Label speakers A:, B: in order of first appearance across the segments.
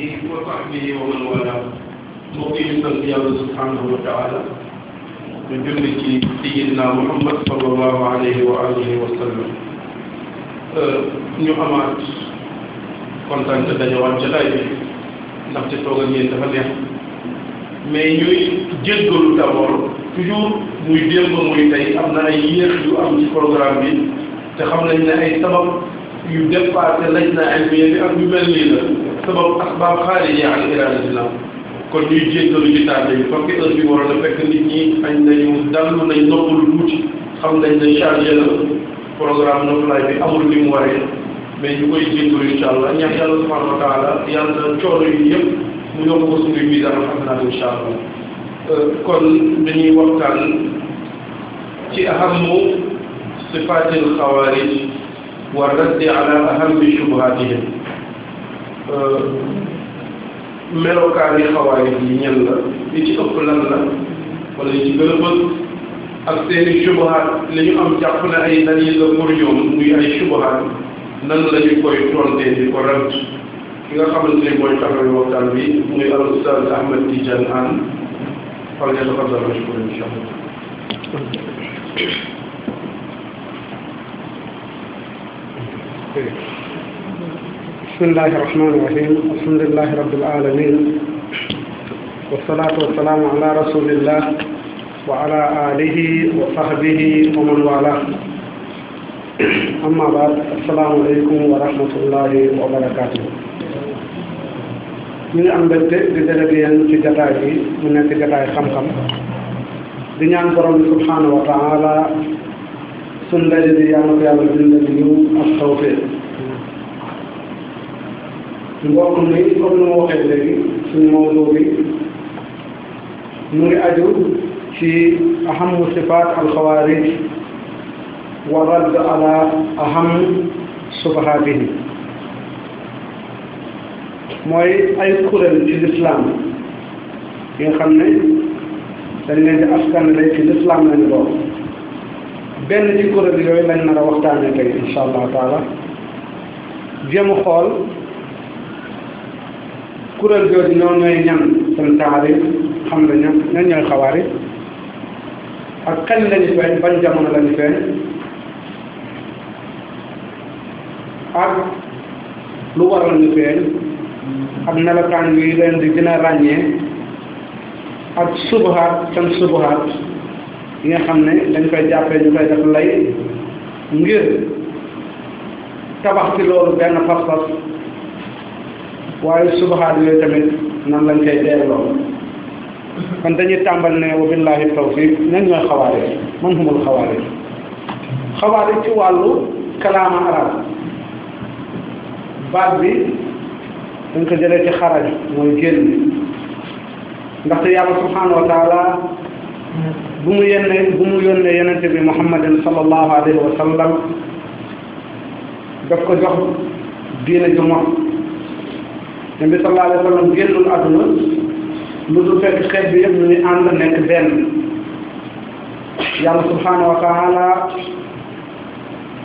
A: آله وصحبه ومن والاه mbokk yi sant yàlla subhanahu wa taala ñu julli ci sayyidina Muhammad sallallahu alayhi wa alihi wa sallam ñu amaat kontaan te dajawaat jataay bi ndaxte toog ak yéen dafa neex mais ñuy jéggalu d'abord toujours muy démb muy tey am na ay yéex yu am ci bi te xam nañ ne ay sabab yu dépassé lañ na ay bi ak yu mel nii la sabab asbaab xaariji an iradatillah kon ñuy jéggalu ci tardé bi parce que heure bi waroon na fekk nit ñi añ nañu dallu nañ noppalu tuuti xam nañ ne chargé na programme noflaay bi amul ni mu waree mais ñu koy jéggalu incha allah ñaan yàlla subhanahu wa taala yàlla coono yi yëpp mu yokk ko suñuy misaan xam naa incha allah euh, kon dañuy waxtaan ci ahamu sifaatil xawaarij wa raddi ala ahami shubhaatihim Euh, melokaani xawaay yi ñen la li ci ëpp lan la wala li ci gën a bëgg ak seeni subahaat li ñu am jàpp ne ay dalil la pour ñoom muy ay subahaat nan la ñu koy tontee di ko rant ki nga xamante ni mooy taxaw waxtaan bi muy al ustaz Ahmed Tidiane Anne fal yatafadal mashkur insha allah Thank you. بسم الله الرحمن الرحيم الحمد لله رب العالمين والصلاة والسلام على رسول الله وعلى آله وصحبه ومن والاه أما بعد السلام عليكم ورحمة الله وبركاته ñu ngi am mbégte di dajale yéen ci jataay bi mu nekk jataay xam-xam di ñaan borom bi subhanahu wa taala suñ daje bi yàlla ko yàlla bindal ñu ak tawfeex mbokk mi comme nu ma waxee léegi suñu mawdu bi mu ngi aju ci ahamu sifaat alxawaarij wa radd ala aham sufahaatihi mooy ay kuréel ci lislaam yi nga xam ne dañ leen di askan lay ci lislaam lañu bokk benn ci kuréel yooyu lañ nar a waxtaanee tey insha taala jéem xool kuréel jooju ñoom ñooy ñan seen taari xam nga ñan xawaari ak kañ lañu feeñ ban jamono lañu feeñ ak lu waral ñu feeñ ak melokaan yi leen di gën a ak subahaat seen subahaat yi xam ne dañ koy jàppee ñu koy def ngir tabax ci loolu benn waaye subaxaat yooyu tamit nan lañ koy delloo kon dañuy tàmbal ne wa billahi tawfiq ñan ñooy xawaarij man humul xawaarij xawaarij ci wàllu kalaama arab baat bi dañ ko jëlee ci xaraj mooy génn ndaxte yàlla subhanahu wa taala bu mu yenne bu mu yónnee yonente bi muhammadin sallallahu alayhi wa sallam daf ko jox diine ju mot nabi sallallahu alayhi wa sallam génnul àdduna lu dul fekk xeet bi yëpp ñu ngi ànd nekk benn yàlla subhaanahu wa taala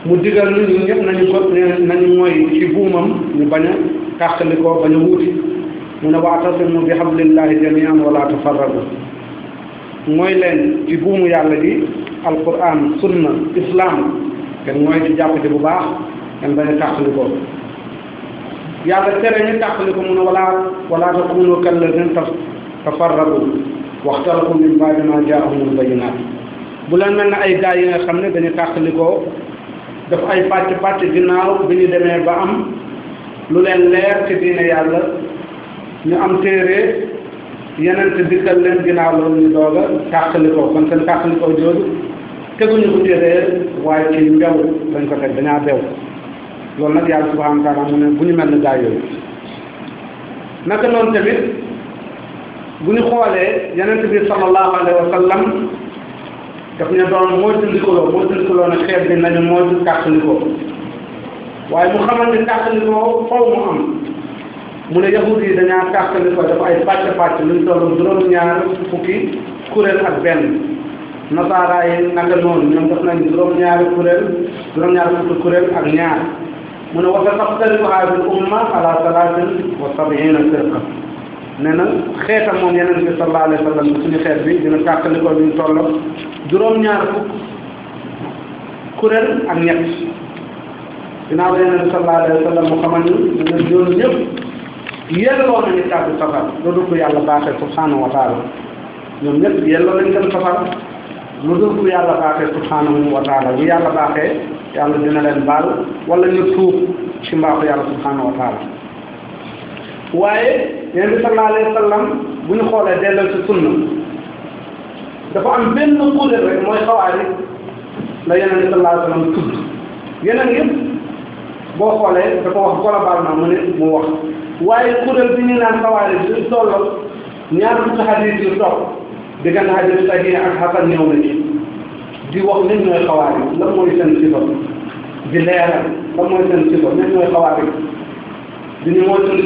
A: mu digal ñu ñun ñëpp nañu ko nañu ci buumam ñu bañ a tàqali ko bañ a wuuti mu ne waatasimu bi hablillahi jamian wala tafarragu mooy leen ci buumu yàlla gi alquran sunna islam kenn mooy ci jàpp ci bu baax kenn bañ a tàqali ko yàlla tere ñu tàqali ko mun a wala wala takunu kalladina tafarraqu waxtalafu min baadi ma jaahumul bayinaat bu leen mel ni ay gaay yi nga xam ne dañu tàqali ko daf ay pàcc pàcc ginnaaw bi ñu demee ba am lu leen leer ci diine yàlla ñu am téere yeneen te dikkal leen ginnaaw loolu ñu doog a tàqali ko kon seen tàqali ko jooju teguñu ko téere waaye ci mbew lañ ko teg dañaa bew loolu nag yàlla subhanahu wa taala mu ne bu ñu mel ne gaa yooyu naka noonu tamit bu ñu xoolee yeneen bi sallallahu alayhi wa sallam daf ñu doon moytandikuloo moytandikuloo ne xeet bi nañu moytu kàttalikoo waaye mu xamal ne kàttalikoo faw mu am mu ne yahud yi dañaa kàttalikoo dafa ay pàcc pàcc lu ñu toll juróom ñaar fukki kuréel ak benn nasaara yi naka noonu ñoom def nañ juróom ñaari kuréel juróom ñaari fukki kuréel ak ñaar mu ne wasa taxtarifu haadil umma ala salaatin wa sabiina firqa nee na xeetam moom yeneen bi sallallahu alayhi wa sallam suñu xeet bi dina tàqalikoo bi ñu tolloo juróom-ñaar fukk kuréel ak ñett dinaa ba yeneen bi sallallahu alayhi wa sallam mu xamal ñu dina doon ñëpp yelloo nañu kàddu safar lu dul ko yàlla baaxee subhanahu wa taala ñoom yelloo nañu seen safar lu dul ko yàlla baaxee subhanahu wa taala lu yàlla yàlla dina leen baal wala ñu tuub ci mbaaxu yàlla subhanahu wa taala waaye yonent bi sallallahu alayhi wa sallam bu ñu xoolee dellal ci sunna dafa am benn kuréel rek mooy xawaari la yonent bi sallallahu alayhi wa sallam boo xoolee dafa wax na mu ne mu wax waaye kuréel bi ñu naan xawaari bi duñ tolloo ñaar fukki xadiis yu topp diggante xadiis sahih ak xasan ñëw na ci di wax lan mooy xawaari lan mooy seen sifa di leeral lan mooy seen sifa lan mooy xawaari di ñu mooy seen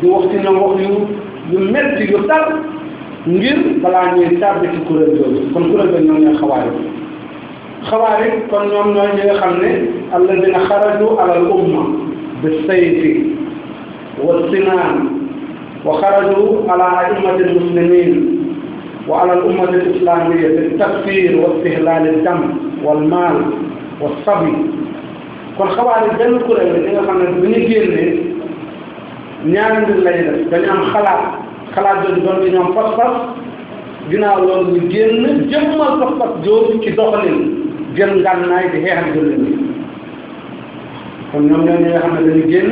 A: di wax ci ñoom wax yu yu metti yu tar ngir balaa ñuy tàbbi ci kuréel yooyu kon kuréel ga ñoom ñooy xawaari xawaari kon ñoom ñooy ñi nga xam ne alladina xaraju alal umma bi sayfi wa sinaan wa xaraju ala aimati almuslimin وعلى الأمة الإسلامية بالتكفير واستهلال الدم والمال والصبي kon xabaar yi benn kuréel la ñi nga xam ne bu ñu génnee ñaari mbir lay def dañu am xalaat xalaat jooju doon di ñoom pas-pas ginnaaw loolu ñu génn jëmmal pas-pas jooju ci doxalin jël ngànnaay di xeexal jullit ñi kon ñoom ñoo ñi nga xam ne dañu génn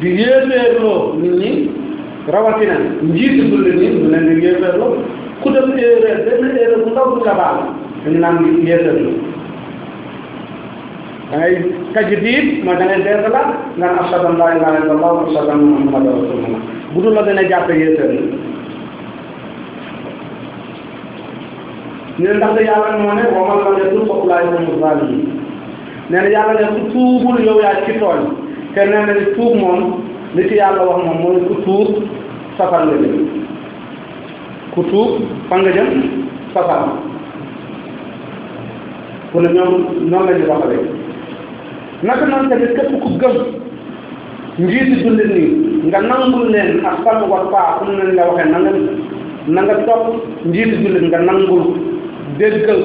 A: di yéefeerloo nit ñi rawatina njiitu jullit ñi mu leen di yéefeerloo ku def erreur benn erreur bu ndaw du la baal dañu naan yéesal la da ngay tajdiid mooy da ngay nga ne ashhadu an laa ilaaha illallaah wa ashhadu anna muhammadan rasulullah bu dul la gën a jàppe yéesal la ne ndax de yàlla ne wa man lam yow yaa ci tooñ te nee na li ci wax moom mooy ku tuub safar nga ku tuub fan nga jëm safara ku ne ñoom noonu la ñu doxalee naka noonu tamit képp ku gëm njiitu jullit nii nga nangul leen ak fan war paa ku ne la waxee na nga na nga topp njiitu jullit nga nangul déggal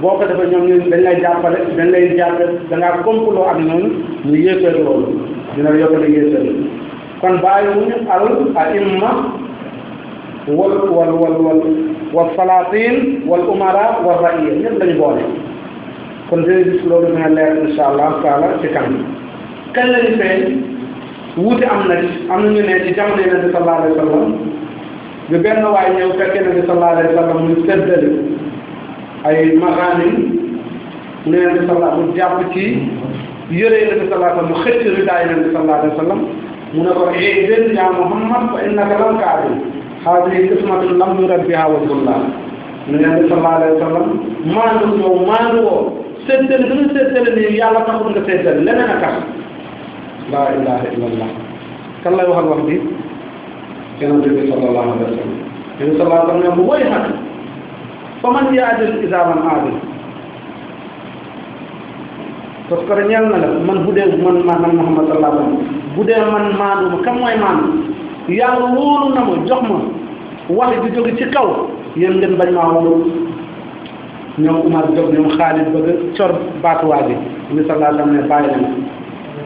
A: boo ko defee ñoom ñun dañ lay jàppale dañ lay jàppe da ngaa comploo ak ñooñu ñu yéefeer loolu dina yóbbu la yéefeer kon bàyyiwuñu al a imma wal wal wal wal wal salatin wal umara wal raiya ñëpp lañu boole kon dina gis loolu dina allah taala ci kanam kañ lañu feeñ wuute am na am na ñu ne ci jamono yonent bi sallallahu alayhi wa sallam bi benn waay ñëw fekk yonent bi sallallahu alayhi wa sallam mu seddale ay maxaanim mu yonent bi sallallahu mu jàpp ci yëre yonent bi sallallahu alayhi wa sallam mu xëcc ridaa yonent bi sallallahu alayhi wa sallam mu ne ko eh déet yaa Muhammad fa innaka lam kaadib haadihi qismatun lam yurabbiha wajhullah ñu ne sallallahu alayhi wa sallam maandu ñëw maandu woo séddale bi ñu séddale nii yàlla taxul nga séddale leneen a tax laa ilaha illallah kan lay waxal wax bi yonente bi sallallahu alayhi wa sallam yonente sallallahu alayhi wa sallam woy xat fa man yaadil idaa man aadil parce na man bu dee man man Muhammad sallallahu alayhi wa sallam man maandu ma kan yàlla wóolu na ma jox ma wax di jóge ci kaw yéen ngeen bañ maa wóolu ñoom Umar Diop ñoom Xaalid bëgg cor baatuwaay bi ni sallallahu ne bàyyi leen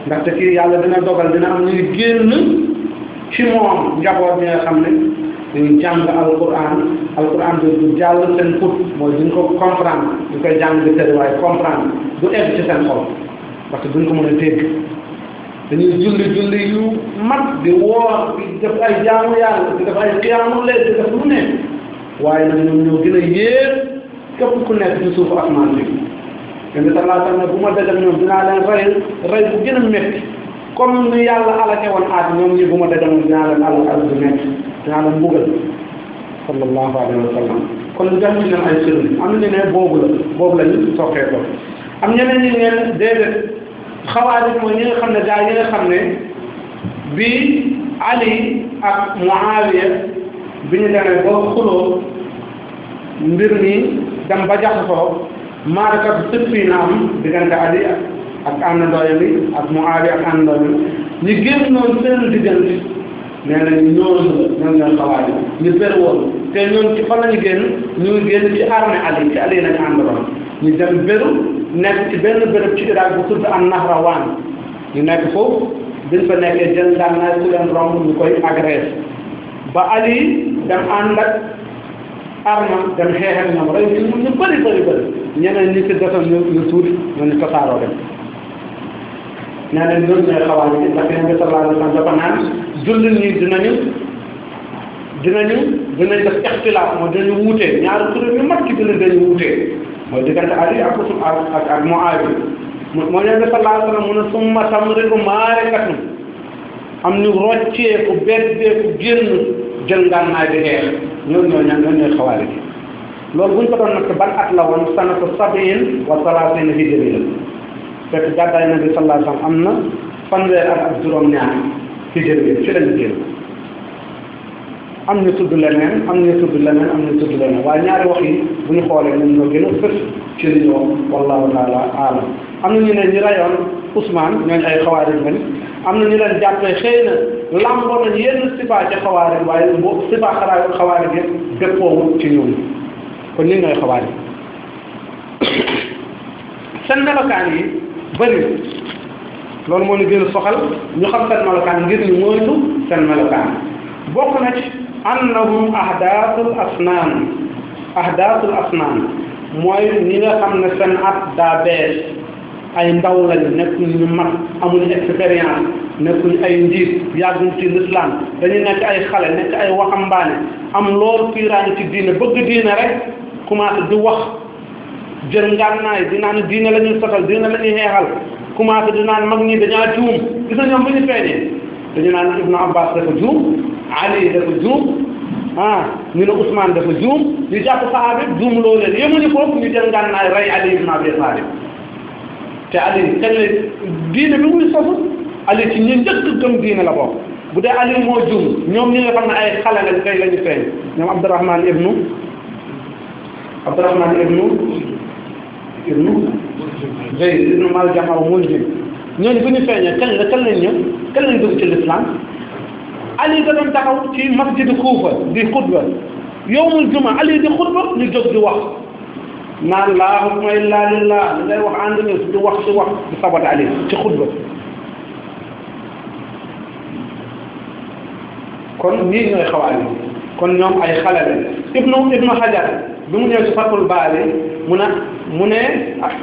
A: ndaxte kii yàlla dina dogal dina am ñuy génn ci moom njaboot ñi nga xam ne dañuy jàng alquran alquran bi du jàll seen put mooy duñ ko comprendre du koy jàng di tëdd waaye comprendre du egg ci seen xol parce que ko mën a dégg dañuy julli julli yu mat di woor di def ay jaamu yàlla di def ay xiyaamu leen di def lu ne waaye nag ñoom ñoo gën a yéeg képp ku nekk ci suufu asmaan bi yonent sallallahu alayhi bu ma dajal ñoom dinaa leen rey rey bu gën a métti comme ni yàlla alake woon aat ñoom ñi bu ma dajal ñoom dinaa leen alal alal bu métti dinaa leen mbugal sallallahu alayhi wa sallam kon jox ay sëriñ am na ñu ne la boobu la ñu soxee ko am ñeneen ñi ngeen déedéet xawaarij mooy ñi nga xam ne gaa yi nga xam ne bi Ali ak Muawiya bi ñu demee ba xuloo mbir mi dem ba jaxasoo maarakat sëppi na am diggante Ali ak àndandoo bi ak Muawiya ak àndandoo bi ñu génn noonu seen diggante nee na ñooñu la ñoom ñooy xawaarij ñu bëri woon te ñoom ci fan la ñu génn ñu ngi génn ci armée Ali ci Ali lañu àndaloon ñu dem Béru nekk ci benn béréb ci Irak bu tudd ñu nekk foofu biñ fa nekkee jël ngànnaay ku leen romb ñu koy agressé ba Ali dem ànd ak arma dem xeexal ñoom rey ñu ñu bëri bëri bëri ñeneen ñi ci desoon ñu ñu tuuti ñu ñu tasaaroo dem nee nañ ñoom ñooy xawaar yi ndax yéen bi sallallahu alayhi wa sallam dafa naan jullit ñi dinañu dinañu dinañ def ixtilaaf mooy dinañu wuutee ñaari kuréel yu mag ci dina dañu wuutee mooy diggante Ali ak ak ak Muawiya moo ne bi sallallahu alayhi wa sallam mu ne summa tamriru maarikatun am ñu rocceeku beddeeku génn jël ngànnaay di xeex ñooñu ñoo ñaan ñooñu ñooy xawaari bi loolu bu ñu doon natt ban at la woon sanatu sabiin wa salaasin hijri la fekk gàddaay na bi sallallahu alayhi wa sallam am na fanweer ak ak juróom-ñaar hijri fi lañu génn am na tudd leneen am na tudd leneen na tudd leneen waaye ñaari wax yi bu ñu xoolee ñoom ñoo gën a fës ci li ñu wax wallahu taala aalam am na ñu ne ñi rayoon Ousmane ñooñu ay xawaarij lañ am na ñu leen jàppee xëy na lamboo nañ yenn sibaa ca xawaarij waaye boo sibaa xaraayul xawaarij yëpp dëppoowul ci ñoom kon ñun ñooy xawaarij seen melokaan yi bëri loolu moo ñu gën a ñu xam seen melokaan ngir ñu moytu seen melokaan bokk na ci annahum ahdaatul asnaan ahdaatul asnaan mooy ñi nga xam ne seen at daa bees ay ndaw lañu nekkuñ ñu mag amuñu expérience nekkuñ ay njiit yàgguñ ci lislaam dañu nekk ay xale nekk ay waxambaane am loolu kiiraañ ci diine bëgg diine rek commencé di wax jël ngànnaay di naan diine la ñuy sotal diine la ñuy xeexal commencé di naan mag ñi dañaa juum gis na ñoom bu ñu feeñee dañu naan Ibnu Abbas dafa juum Ali dafa juum ah ñu ne Ousmane dafa juum ñu jàpp saxaabi juum loo leen yemuñu foofu ñu dem gànnaay rey Ali ibn Abi Talib te Ali kañ la diine bi muy Ali ci ñi njëkk gëm diine la bokk bu dee Ali moo juum ñoom ñi nga xam ne ay xale lañ feeñ ñoom Abdurrahman ibnu Abdurrahman ibnu ibnu Zayd ibnu Maljam aw Munjim ñooñu bu ñu feeñee kañ la kañ lañ ñëw Ali da doon taxaw ci masjid Kuufa di xutba yowmul juma Ali di xutba ñu jóg di wax naan laa hukma illaa lillaah li ngay wax ànd nga di wax di wax di sabat Ali ci xutba kon nii ñooy xawaari kon ñoom ay xale lañ ibnu ibnu Hajar bi mu ñëw ci Fatul Baari mu ne mu ne ah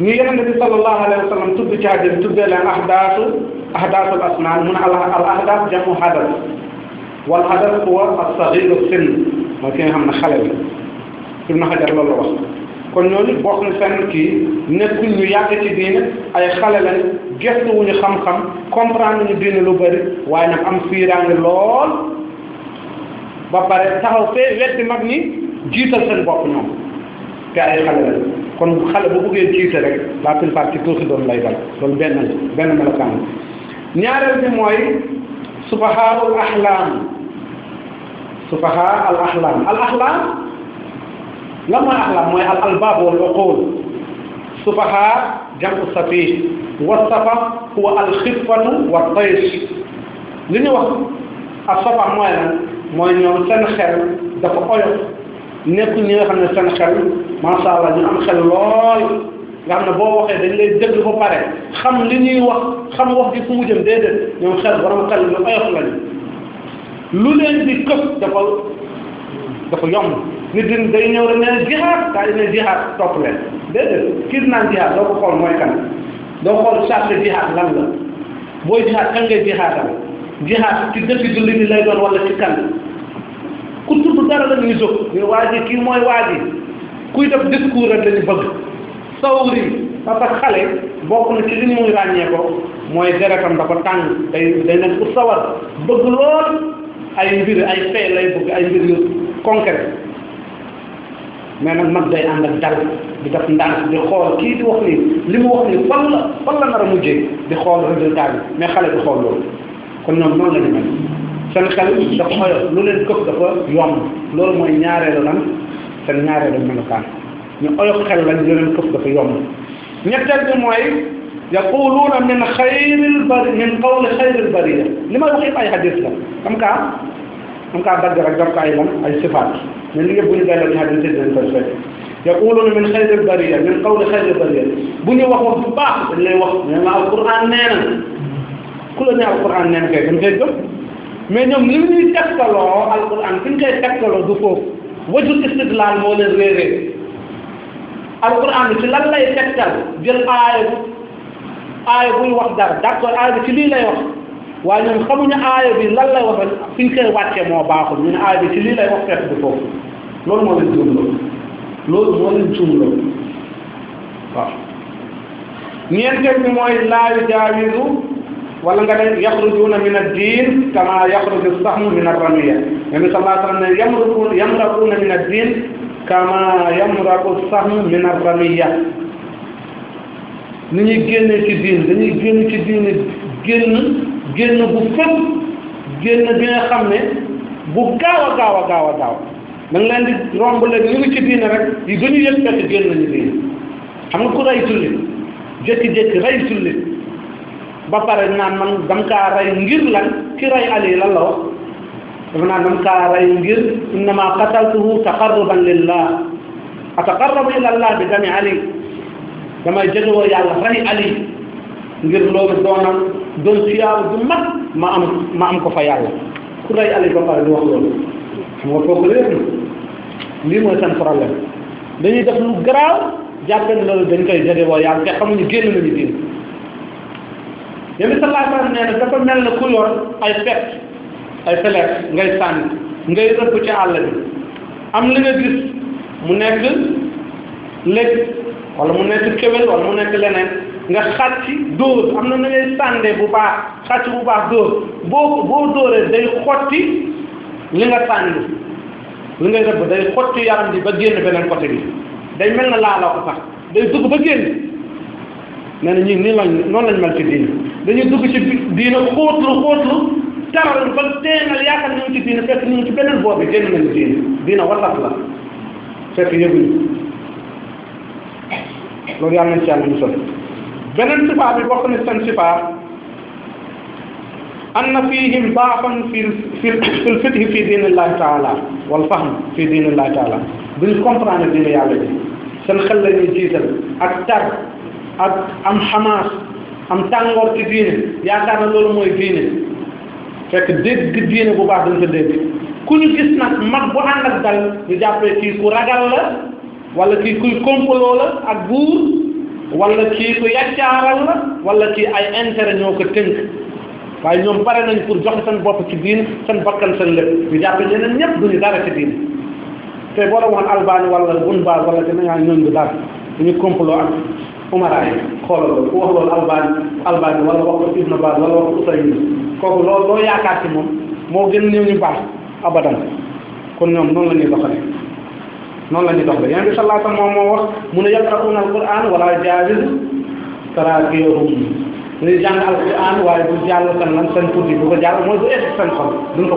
A: ñu yeneen bi sallallahu alayhi wa sallam tudd ci hadiis tuddee leen ahdaasu ahdaasul asnaan mu ne al ahdaas jamu hadas wal hadas huwa as-sagiiru sinn mooy ki nga xam ne xale la Ibnu Hajar loolu wax kon ñooñu bokk na seen kii nekkul ñu yàgg ci diine ay xale lañ gëstu wu ñu xam-xam comprendre ñu diine lu bëri waaye nag am fiiraange lool ba pare taxaw fee wetti mag ñi jiital seen bopp ñoom te ay xale lañ kon xale bu bëggee jiite rek la plupart ci tuuti doon lay dal loolu benn benn melokaan ñaareel bi mooy subahaarul axlaam subahaar al axlaam al mooy axlaam mooy al albaab wal uqul subahaar jamu safih wa safa huwa al xifatu wa li wax ak mooy mooy ñoom seen dafa oyof nekk ñi nga xam ne seen xel macha allah ñu nga xam ne boo waxee dañ lay déglu ba pare xam li ñuy wax xam wax ji fu mu jëm déedéet ñoom xel borom xel lu oyof lañu lu leen di këpp dafa dafa yomb nit di day ñëw rek ne jihaad daa di ne jihaad topp leen déedéet kii naan jihaad doo ko xool mooy kan doo xool charte jihaad lan la booy jihaad kan ngay jihaadal jihaad ci dëkk julli ni lay doon wala ci dara la ñuy jóg ñu waa ji kii mooy waa ji kuy def discours rek la ñu bëgg sawrin parce que xale bokk na ci li mooy deretam dafa tàng day day nekk ku bëgg lool ay mbir ay fee lay mais nag mag day ànd ak dal di def ndànk di kii di wax nii li mu wax nii fan la la nar di xool résultat mais xale bi kon ñoom noonu la ñu mel seen xel dafa xoyo lu leen këpp dafa yomb loolu mooy ñaareelu lan seen ñaareelu melokaan ñu oyof xel lañ yeneen këf dafa yomb ñetteel bi mooy yaquluuna min xayril bari min qawli xayril bariya li may wax yëpp ay xadis la am kaa am kaa dagg rek daf ko ay lan ay sifaat mais li yëpp bu ñu delloo ci xadis yi dañ koy fekk yaquluuna min xayril bariya min qawli xayril bariya bu ñu wax wax wax nee na alquran nee na ku la ne alquran nee na kay dañ koy gëm mais ñoom li ñuy tegtaloo alquran fi ñu koy tegtaloo du foofu wajul istidlaal alquran bi ci lan lay tegtal jël aaya bu aaya buy wax dara d'accord aaya bi ci lii lay wax waaye ñoom xamuñu aaya bi lan lay wax fi ñu koy wàccee moo baaxul ñu ne aaya bi ci lii lay wax fekk bi foofu loolu moo leen juumloo loolu moo leen juumloo waaw ñeenteel bi mooy laa yujaawizu wala nga ne yaxrujuuna min ad-diin kama yaxruju saxmu min ar-ramiya nabi sallallahu ya wa sallam min ad-diin kama yamraqu sahm min ar-ramiya ni ñuy génne ci diin dañuy génn ci diine génn génn bu fëpp génn bi nga xam ne bu gaaw a gaaw a gaaw a gaaw da nga leen di romb leen ñu ngi ci diine rek yi gëñu yëg fekk génn nañu diine xam nga ku rey tulli jékki-jékki rey tulli ba pare naan man dam kaa rey ngir lan ki rey ali lan la wax dafa naan dama kaa rey ngir innama qataltuhu taqarruban lillah ataqarrabu ila allah bi dami ali damay jegewoo yàlla rey ali ngir loolu doonam doon siyaabu du mag ma am ma am ko fa yàlla ku rey ali ba pare di wax loolu xam nga kooku réer na lii mooy seen problème dañuy def lu garaaw jàppe ne loolu dañ koy jegewoo yàlla te xamuñu génn nañu diin yéen bi sallallahu alayhi wa sallam nee na dafa mel ne ku yor ay pet ay feleer ngay sànni ngay rëbb ci àll bi am li nga gis mu nekk lëg wala mu nekk kéwél wala mu nekk leneen nga xàcc dóor am na na ngay sànde bu baax xàcc bu baax dóor boo boo dóoree day xotti li nga sànni li ngay rëbb day xotti yaram bi ba ne beneen côté bi day mel na laaloo ko sax day dugg ba génn nee na ñi ni lañ noonu lañ mel ci diine dañuy dugg ci diine xóotlu xóotlu dara lañ ko teenal yaakaar nañ ci diina fekk ñu ngi ci beneen boobu bi génn nañu diina diina wallaat la fekk yëguñu loolu yàlla nañ ci yàlla ñu sol beneen sifaa bi bokk na seen sifaa anna fihim daafan fi fi fi fiqhi fi diinillahi taala wal fahm fi diinillahi taala duñu comprendre diine yàlla ji seen xel la ñuy jiital ak tar ak am xamaas am tàngoor ci diine yaakaar na lool mooy diine fekk dégg diine bu baax dañ ko dégg ku ñu gis nag mag bu ànd ak dal ñu jàppee kii ku ragal la wala kii kuy complot la ak buur wala kii ku yaccaaral la wala kii ay intérêt ñoo ko tënk waaye ñoom bare nañ pour joxe seen bopp ci diin seen bakkan seen lépp ñu jàpp ñeneen ñëpp duñu dara ci diin te boo doon wax Albani wala Bun Baaz wala te na ngaa ñoon du dara ñu complot ak umaraay xoolal la ku wax wax Ibn Baz wala wax ko loolu loo yaakaar ci moom moo gën néew ñu baax abadan kon ñoom noonu la ñuy doxale noonu la ñuy doxale yonent bi sallallahu moom moo wax mu ne yaqra'una al-Qur'an wala jaawir taraakiyahum mu ne jàng al-Qur'an waaye du jàll seen lan seen tuuti mooy bu egg seen xol duñ ko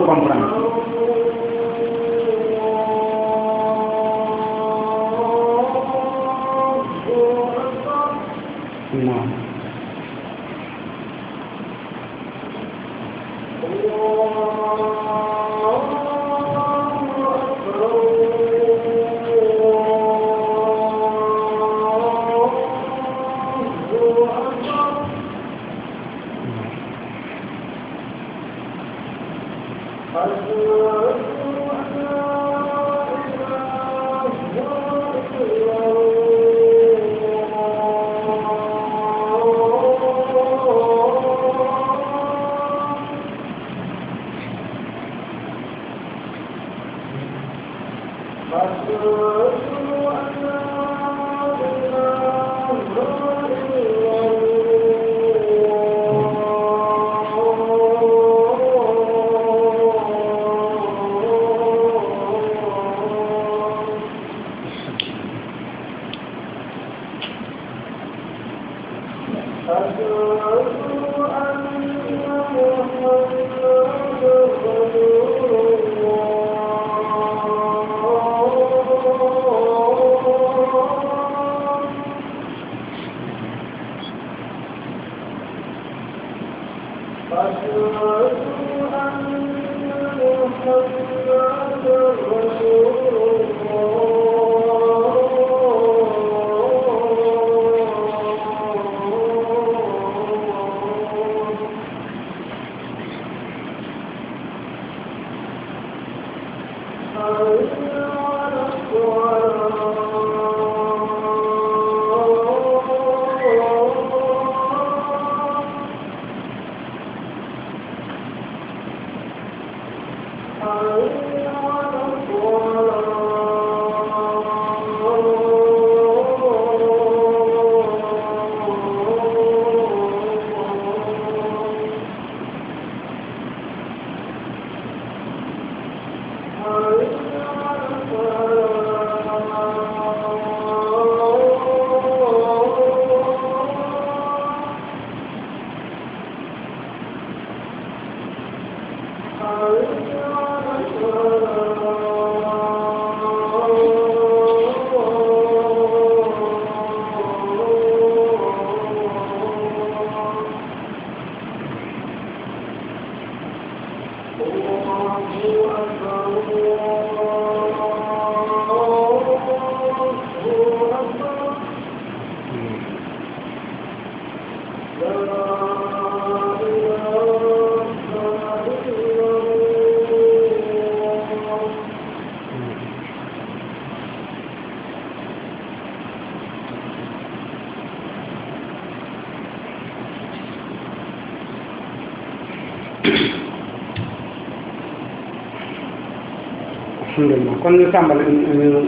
A: kon ñu tàmbali ñu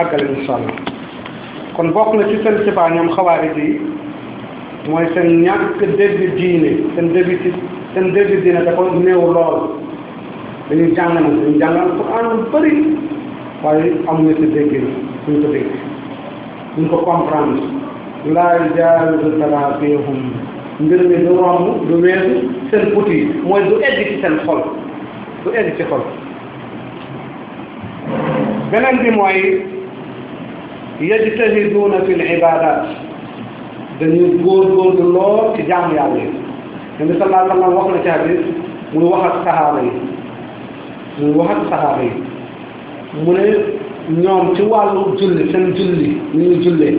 A: àggale incha allah kon bokk na ci seen sifaa ñoom xawaarij yi mooy seen ñàkk dégg diine seen dégg ci seen dégg diine dafa néew lool dañuy jàng nag dañuy jàng alquran lu bëri waaye amuñu si dégg duñ ko dégg duñ ko comprendre laa jaawizu taraabihum mbir mi du romb du weesu seen put yi mooy du egg ci seen xol du egg ci xol beneen bi mooy yajtahiduuna fil ibadat dañuy góorgóorlu lool ci jaamu yàlla yi nabi sallallahu alayhi wa sallam wax na ci hadis muy wax ak saxaaba yi muy wax ak saxaaba yi mu ne ñoom ci wàllu julli seen julli ni ñuy jullee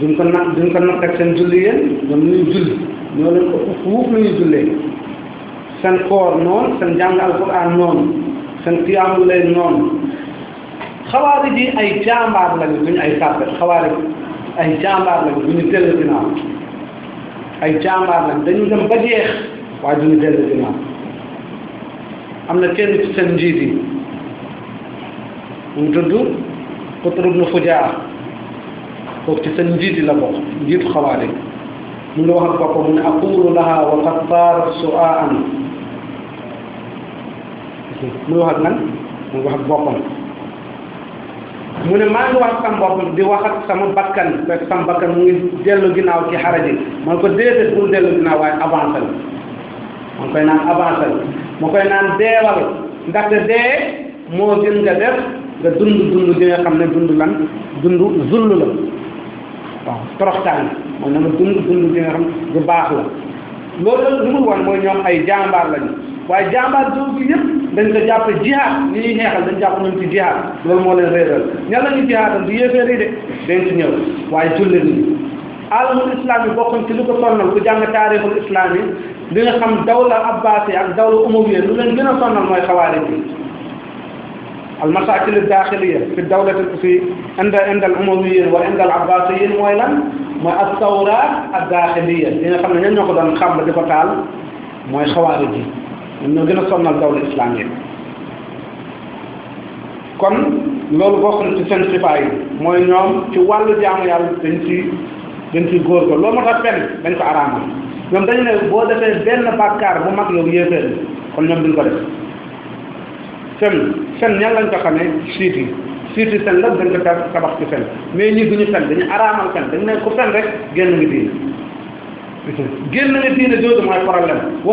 A: duñ ko nag duñ ko nag ak seen julli yéen ñoom ni ñuy julli ñoo leen ko fuuf ni ñuy jullee seen koor noonu seen jàng alquran noonu seen qiyaamu lay noonu xawaari ji ay jàmbaar lañu duñu ay sàppet xawaari ay jàmbaar lañu duñu ay jàmbaar lañu dañu dem ba jeex waaye duñu dellu ginnaaw am na kenn ci seen njiit yi mu tudd Qutb ibn Fujaar kooku ci seen la bokk njiit xawaari mu ngi waxal boppam mu laha wa su'aan muy wax ak mu ne maa ngi wax bopp di wax ak sama bakkan fekk mu ngi dellu ginnaaw ci xaraji ma ko déedéet bul dellu ginnaaw waaye avancé la ma koy naan avancé la ma koy naan deewal ndaxte dee moo gën nga def nga dund dund di nga xam ne dund lan dund zull la waaw toroxtaan mooy na nga dund dund di nga xam du baax la loolu la lu wan mooy ñoom ay jàmbaar lañu waaye jàmbaar doogu yëpp dañ ko jàpp jihaad ni ñuy xeexal dañ jàpp nañ ci jihaad loolu moo leen réeral ñan la ñu jihaadal du yéeféer yi de dañ ci ñëw waaye jullit ñi alamul islam yi bokkoon ci lu ko sonnal ku jàng taarixul islam yi li nga xam dawla abbaasi ak dawla umawiya lu leen gën a sonnal mooy xawaarij yi almasaakil aldaaxiliya fi dawlati fi inda inda al umawiyin wala inda al abbasiyin mooy lan mooy astawraat addaaxiliya li nga xam ne ñan ñoo ko doon xam di ko taal mooy xawaarij yi ñoom ñoo gën a sonnal dawla islamique kon loolu bokk na ñoom ci wàllu jaamu yàlla dañ ci dañ ci góor ko loolu moo tax benn dañ ko araamal ñoom dañu ne boo defee benn bàkkaar bu mag yow yéeféer kon ñoom duñ ko def seen fen ñan lañ ko xamee siit yi siit yi fen la dañ ko tabax ci fen mais ñi duñu fen dañu araamal fen dañ ne ku fen rek génn nga diine génn nga diine jooju mooy problème bu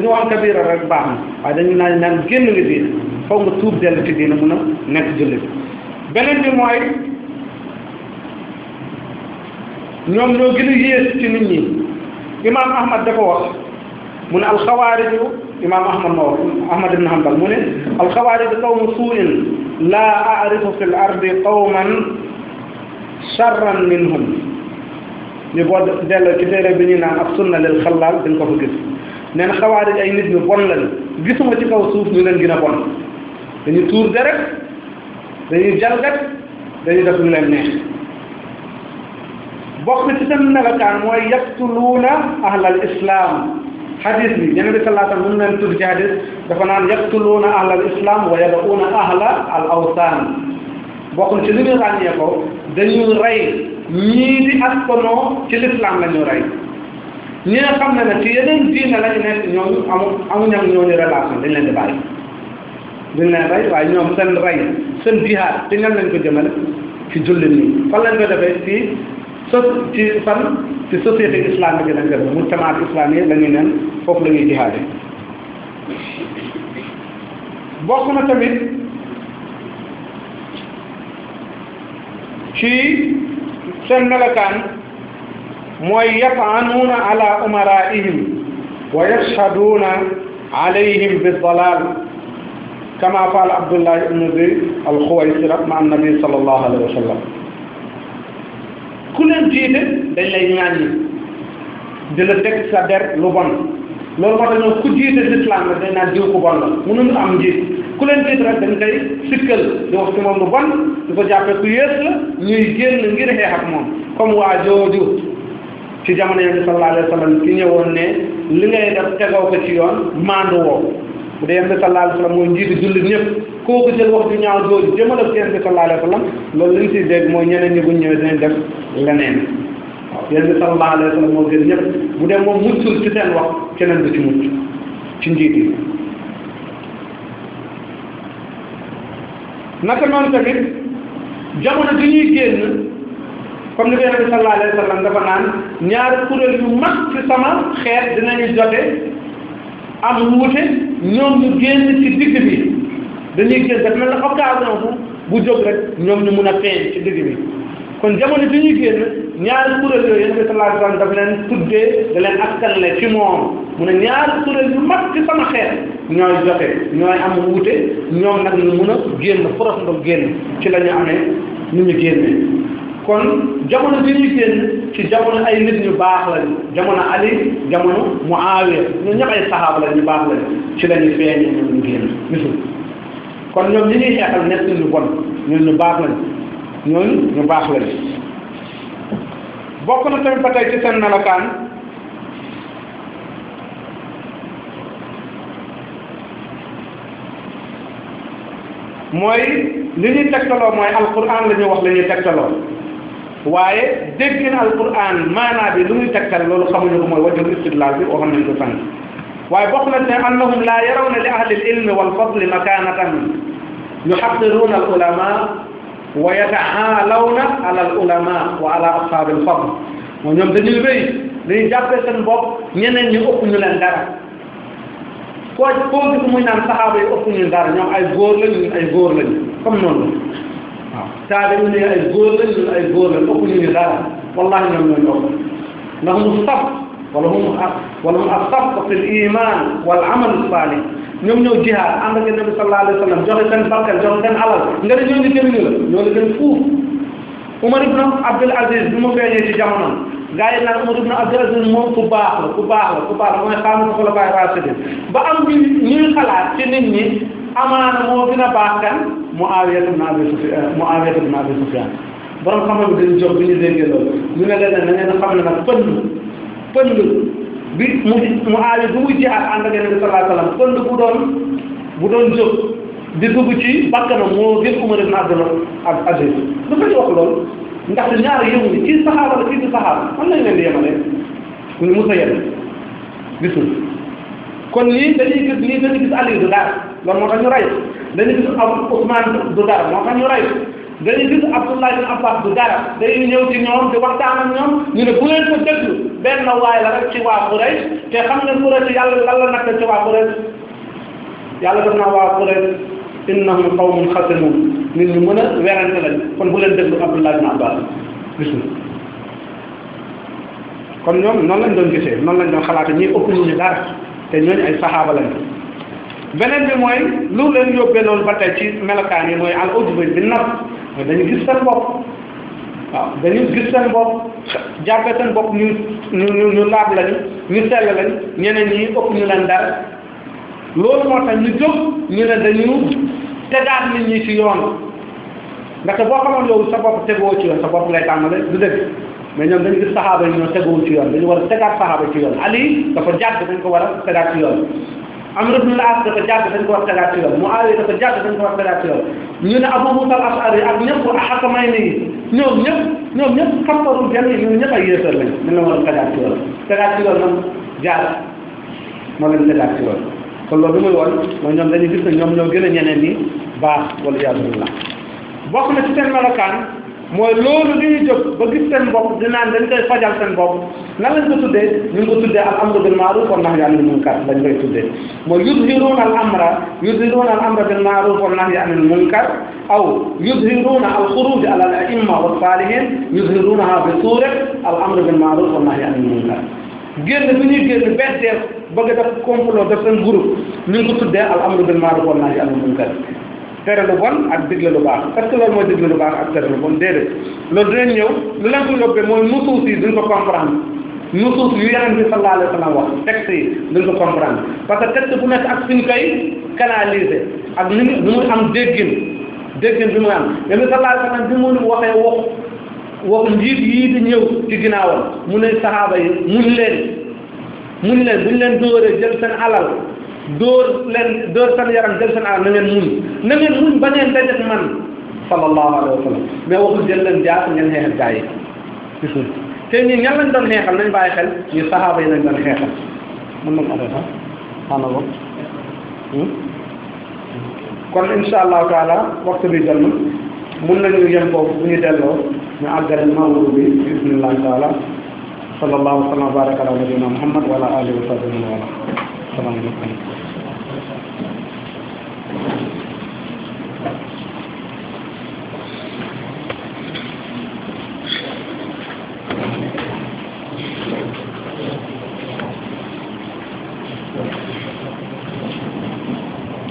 A: ñu waxoon kabira rek baax na waaye dañu naan naan génn nga diine foog nga tuub dellu ci diine mun a nekk jullit beneen bi mooy ñoom ñoo gën a yées ci nit ñi imam ahmad dafa wax mu ne imaam ahmad moo ahmad ibn hanbal mu ne alxawaarij qawmu suuin laa aarifu fi l ardi qawman charran minhum ñu boo delloo ci téere bi ñuy naan ak sunna lil xalaal dañ ko fa gis nee na xawaarij ay nit ñu bon lañu gisuma ci kaw suuf ñu leen gën a bon dañuy tuur deret dañuy jalgat dañuy def lu leen neex bokk ci seen melokaan mooy yaqtuluuna ahlal islam hadis bi yonent bi sallallahu alayhi wasallam nunu leen tudd ci hadis dafa naan yaqtuluuna ahlal islam wa yad'uuna ahla al awsaan bokkul ci li ñu ràññee ko dañuy rey ñii di askanoo ci l'islam la ñu rey ñi nga xam ne ne ci yeneen diine ñu nekk ñooñu amu amuñu ak ñooñu relation dañ leen di bàyyi duñ leen rey waaye ñoom seen rey seen jihaad ci ñan lañ ko jëmale ci jullit ñi fan lañ ko defee sos ci fan ci société islamique yi lañ def mujtamaat islamique la ñuy neen foofu la ñuy jihaade bokk na tamit ci seen melokaan mooy yataanuuna ala umaraihim wa yashhaduuna alayhim bidalal kama faal abdullah ibnu zayd alxuwaysira ma annabi sallallahu alayhi wa sallam ku leen dañ lay ñaanyi di la teg sa der lu bon loolu moo tax ñoom ku jiite l'islam la dañ naan diw ku bon la mënuñu am njiit ku leen jiite rek sikkal di wax moom lu bon di ko jàppee ku yées la ñuy génn ngir xeex ak moom comme waa jooju ci jamono yonent sallallahu alayhi wa ki ñëwoon ne li ngay def tegoo ko ci yoon maandu woo bu dee yonent sallallahu alayhi wa sallam mooy njiitu jullit ñëpp kooku jël wax ju ñaaw jooju jëmal ak loolu li ñu siy dégg bu ñu ñëwee dinañ def leneen waaw yonent bi sallallahu alayhi wa sallam moo gën ñëpp bu dee moom muccul ci seen wax keneen du ci mucc ci njiit yi naka noonu tamit jamono ji ñuy génn comme ni ko yonent bi sallallahu alayhi wa sallam dafa naan ñaari kuréel yu mag ci sama xeet dinañu jote am wuute ñoom ñu génn ci digg bi dañuy génn daf mel ne xam daa am bu jóg rek ñoom ñu mun a feeñ ci digg bi kon jamono bi ñuy génn ñaari kuréel yooyu yonent bi sallallahu alayhi wa sallam daf leen tuddee da leen askanle ci moom mu ne ñaari kuréel yu mag ci sama xeet ñooy jote ñooy am wuute ñoom nag ñu mun a génn foros ndox génn ci la ñu amee ni ñu génnee kon jamono bi ñuy génn ci jamono ay nit ñu baax lañ jamono Ali mu Muawiya ñu ñëpp ay saxaaba la ñu baax lañ ci la ñu feeñee ñoom ñu génn kon ñoom li ñuy xeexal nekk lu bon ñun ñu baax lañ ñun ñu baax lañ bokk na tamit ba tey ci seen melokaan mooy li ñuy tegtaloo mooy alquran la ñuy wax la ñuy tegtaloo waaye dégg na alquran maanaa bi lu muy tegtal loolu xamuñu ko mooy wajjul istidlaal bi waxoon nañ ko sànq waaye bokk na ne annahum la yarawna li ahli al-ilmi wal fadli makanatan yuhaqqiruuna al-ulama wa yatahalawna ala al-ulama wa ala ashab al-fadl moom ñoom dañuy rëy dañuy jàppee seen bopp ñeneen ñu ëpp ñu leen dara koo koo gis muy naan saxaaba yi ëpp ñu dara ñoom ay góor lañ ñun ay góor lañ comme noonu waaw saaba yi ñu ay góor lañ ñun ay góor lañ ëpp ñu ñu dara wallahi ñoom ñoo ñu ëpp ndax mu saf wala hum wala hum axaq fi l iman wal amalu salih ñoom ñëw jihaad ànd ak nabi sallallahu alayhi wa sallam joxe di bakkan joxe seen alal nga ne ñoo ni gënuñu la ñoo la gën fuuf Umar ibn Abdul Aziz bi mu feeñee ci jamono gaa yi naan Umar ibn Abdul Aziz moom ku baax la ku baax la ku baax la mooy xaaral ko la bàyyi rachet ba am bi ñuy xalaat ci nit ñi amaana moo gën a baax kan Muawiya ibn Abi Sufyan Muawiya ibn Abi Sufyan borom xam-xam bi ñu déggee ne leen ne na ngeen pënd bi mu mu aayu bu muy jihaat ànd ak yeneen bi sallallahu alayhi wa sallam pënd bu doon bu doon jóg di dugg ci bakkanam moo gën ku ma def na àdduna ak adduna dafay wax loolu ndax ñaari yëngu ni ci saxaaba la ci di saxaaba man lañ leen di yemale ñu mos a yem gisul kon lii dañuy gis lii dañuy gis Aliou du dara loolu moo tax ñu rey dañuy gis Ousmane du dara moo tax ñu rey dañuy gis Abdullah ibn Abbas bu dara dañuy ñëw ci ñoom di waxtaan ak ñoom ñu ne bu leen ko déglu benn waay la rek ci waa Quraysh te xam nga Quraysh yàlla lan la nag ci waa Quraysh yàlla def naa waa Quraysh innahum qawmun xasimun nit ñu mën a werante lañ kon bu leen déglu Abdullah ibn Abbas gis nga kon ñoom noonu lañ doon gisee noonu lañ doon xalaate ñi ëpp ñu ñu dara te ñooñu ay saxaaba lañ beneen bi mooy lu leen yóbbee loolu ba tey ci melokaan yi mooy al ujub bi naf mooy dañu gis seen bopp waaw dañu gis seen bopp jàppe seen bopp ñu ñu ñu ñu laab lañu ñu sell lañ ñeneen ñi ëpp ñu leen dara loolu moo tax ñu jóg ñu ne dañu tegaat nit ñi ci yoon ndaxte boo xamoon yow sa bopp tegoo ci yoon sa bopp ngay tàmmale du dëgg mais ñoom dañu gis saxaaba yi ñoo tegoo ci yoon dañu war a tegaat saxaaba ci yoon Ali dafa jàdd dañ ko war a tegaat ci yoon Amr ibn al-As dafa jàdd dañ ko war tegaat ci yoon Muawiya dafa jàdd dañ ko war tegaat ci yoon ñu ne Abu Musa al-Ash'ari ak ñëpp xakamay nii ñoom ñëpp ñoom ñëpp kafaru benn yi ñoom ñëpp ay yéesal lañ dañ la war a tegaat ci yoon tegaat ci yoon nag jaar moo leen tegaat ci yoon kon loolu muy woon mooy ñoom dañuy gis ne ñoom ñoo gën a ñeneen ñi baax wala yàlla bokk na ci seen melokaan mooy loolu li ñu jóg ba gis seen bopp di naan dañ koy fajal seen bopp nan lañ ko tuddee ñu ngi ko tuddee al amru bil maaruf wa nahyi anil munkar lañ koy tuddee mooy yudhiruuna al amra yudhiruuna al amra bil maaruf wa nahyi anil munkar aw yudhiruuna al xuruj ala al a'imma wa saalihin yudhiruunaha bi suurat al amru bil maaruf wa nahyi anil munkar génn bi ñuy génn benn bëgg def complot def seen groupe ñu ngi ko tuddee al amru bil maaruf wa nahyi anil munkar tere lu bon ak digle lu baax parce que loolu mooy digle lu baax a tere lu bon déedéet loolu dinañ ñëw lu leen ko yóbbee mooy nusuus yi duñ ko yu yeneen bi sallallahu alayhi wa sallam wax texte yi duñ ko comprendre parce nekk ak suñ koy canaliser ak ni mu am déggin déggin bi am yeneen sallallahu alayhi wa sallam bi mu waxee wax njiit yii di ñëw ci ginnaawam mu ne saxaaba yi muñ leen muñ leen buñ leen dóoree jël seen alal dóor leen dóor seen yaram jël seen alal na ngeen muñ na ngeen muñ ba ngeen dajeek man sallallahu alayhi wa sallam mais jël leen jaas ngeen xeexal gaa yi ci suuf te ñi ñan lañ doon xeexal nañ bàyyi xel ñu saxaaba yi lañ doon xeexal mën nañ arrêté ah? xanaa boog hmm? kon insha allahu taala waxtu bi jot na mun nañu yem foofu bu ñu delloo ñu àggale mawlu bi bismillahi taala sallallahu wa sallam wa baraka ala nabina muhammad wa ala alihi wa sahbihi wa asalaamaaleykum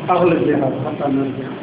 A: أغلق لها
B: حتى نرجع